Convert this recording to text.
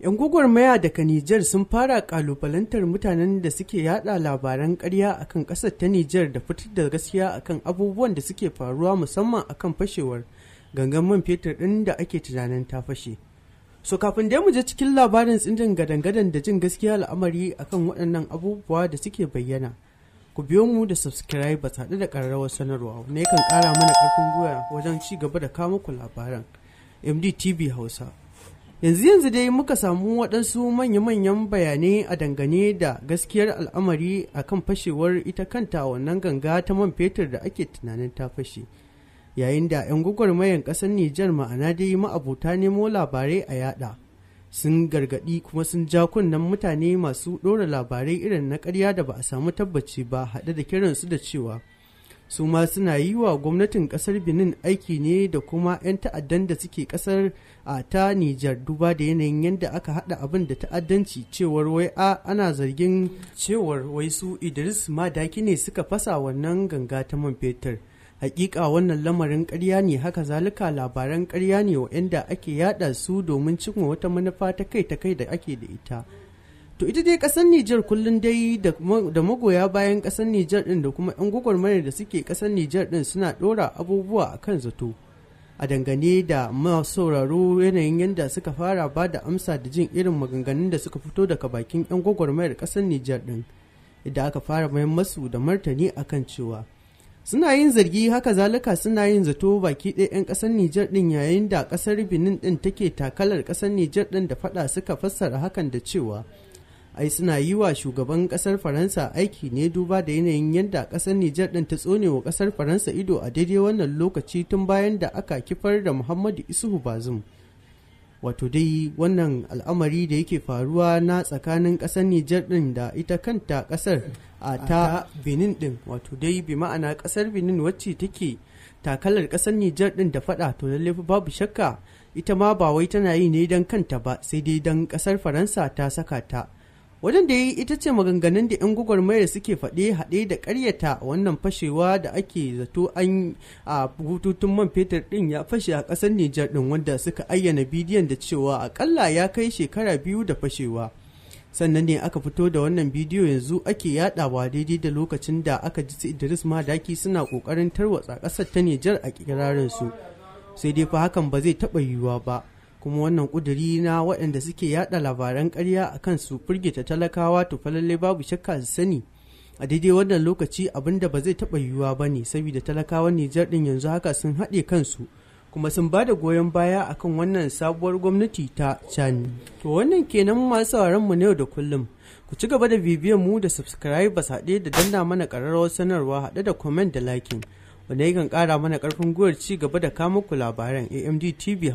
'Yan maya daga Nijar sun fara kalubalantar mutanen da suke yada labaran karya akan kasar ta Nijar da fitar da gaskiya akan abubuwan da suke faruwa musamman akan fashewar gangan man fetur ɗin da ake tunanin ta fashe. So kafin da mu je cikin labarin tsindin gadan-gadan da jin gaskiya al'amari akan waɗannan abubuwa da suke bayyana. Ku biyo mu da subscribe ba da ƙararrawar sanarwa ne kan ƙara mana ƙarfin gwiwa wajen ci gaba da kawo muku labaran. MDTV Hausa. yanzu yanzu dai muka samu waɗansu manya-manyan bayanai a dangane da gaskiyar al'amari a kan fashewar ita kanta wannan ganga ta man fetur da ake tunanin ta fashe yayin da 'yan gwagwarmayan ƙasar nijar ma'ana dai ma'abuta nemo labarai a yada sun gargaɗi kuma sun ja kunnen mutane masu ɗora labarai irin na ƙarya da ba a samu tabbaci ba haɗe da kiransu da cewa su ma suna yi wa gwamnatin kasar benin aiki ne da kuma 'yan ta'addan da suke kasar a ta nijar duba da yanayin yadda aka hada abin da ta'addanci cewar wai a ana zargin cewar wai su idris madaki ne suka fasa wannan ganga ta man fetur hakika wannan lamarin karya ne haka zalika labaran karya ne wainda ake yada su domin cin wata manufa ta kai ta kai da ake da ita to ita dai kasar Nijar kullum dai da magoya bayan kasar Nijar din da kuma 'yan gwagwarmayar da suke kasar Nijar din suna ɗora abubuwa a kan zato a dangane da masauraro yanayin yadda suka fara ba da amsa da jin irin maganganun da suka fito daga bakin 'yan gwagwarmayar kasar Nijar din idan aka fara mayan masu da martani akan cewa suna yin zargi haka zalika suna yin zato baki ɗaya 'yan ƙasar Nijar ɗin yayin da ƙasar Benin ɗin take takalar ƙasar Nijar ɗin da faɗa suka fassara hakan da cewa ai suna yi wa shugaban kasar faransa aiki ne duba da yanayin yadda kasar nijar ɗin ta tsone wa kasar faransa ido a daidai wannan lokaci tun bayan da aka kifar da muhammadu isuhu bazum wato dai wannan al'amari da yake faruwa na tsakanin kasar nijar ɗin da ita kanta kasar a ta benin ɗin wato dai bi ma'ana kasar benin wacce take takalar kasar nijar ɗin da faɗa to lallai babu shakka ita ma ba wai tana yi ne don kanta ba sai dai don kasar faransa ta saka ta wajen da ya yi ita ce maganganun da 'yan gwagwarmayar suke faɗe haɗe da karyata, wannan fashewa da ake zato an a bututun man fetur ɗin ya fashe a ƙasar Nijar ɗin wanda suka ayyana bidiyon da cewa akalla ya kai shekara biyu da fashewa. sannan ne aka fito da wannan bidiyo yanzu ake yadawa daidai da lokacin da aka ji su Idris Madaki suna kokarin tarwatsa ƙasar ta Nijar a kirarin su sai dai fa hakan ba zai taba yiwuwa ba kuma wannan kuduri na waɗanda suke yada labaran ƙarya a kan su firgita talakawa to falalle babu shakka su sani a daidai wannan lokaci abin da ba zai taɓa yiwuwa ba ne saboda talakawan nijar ɗin yanzu haka sun haɗe kansu kuma sun ba da goyon baya akan wannan sabuwar gwamnati ta cani to wannan kenan masu sauraron mu na yau da kullum ku ci gaba da bibiyan mu da subscribers haɗe da danna mana ƙararrawar sanarwa haɗe da comment da liking wanda yakan ƙara mana ƙarfin gwiwar ci gaba da kama ku labaran amd tv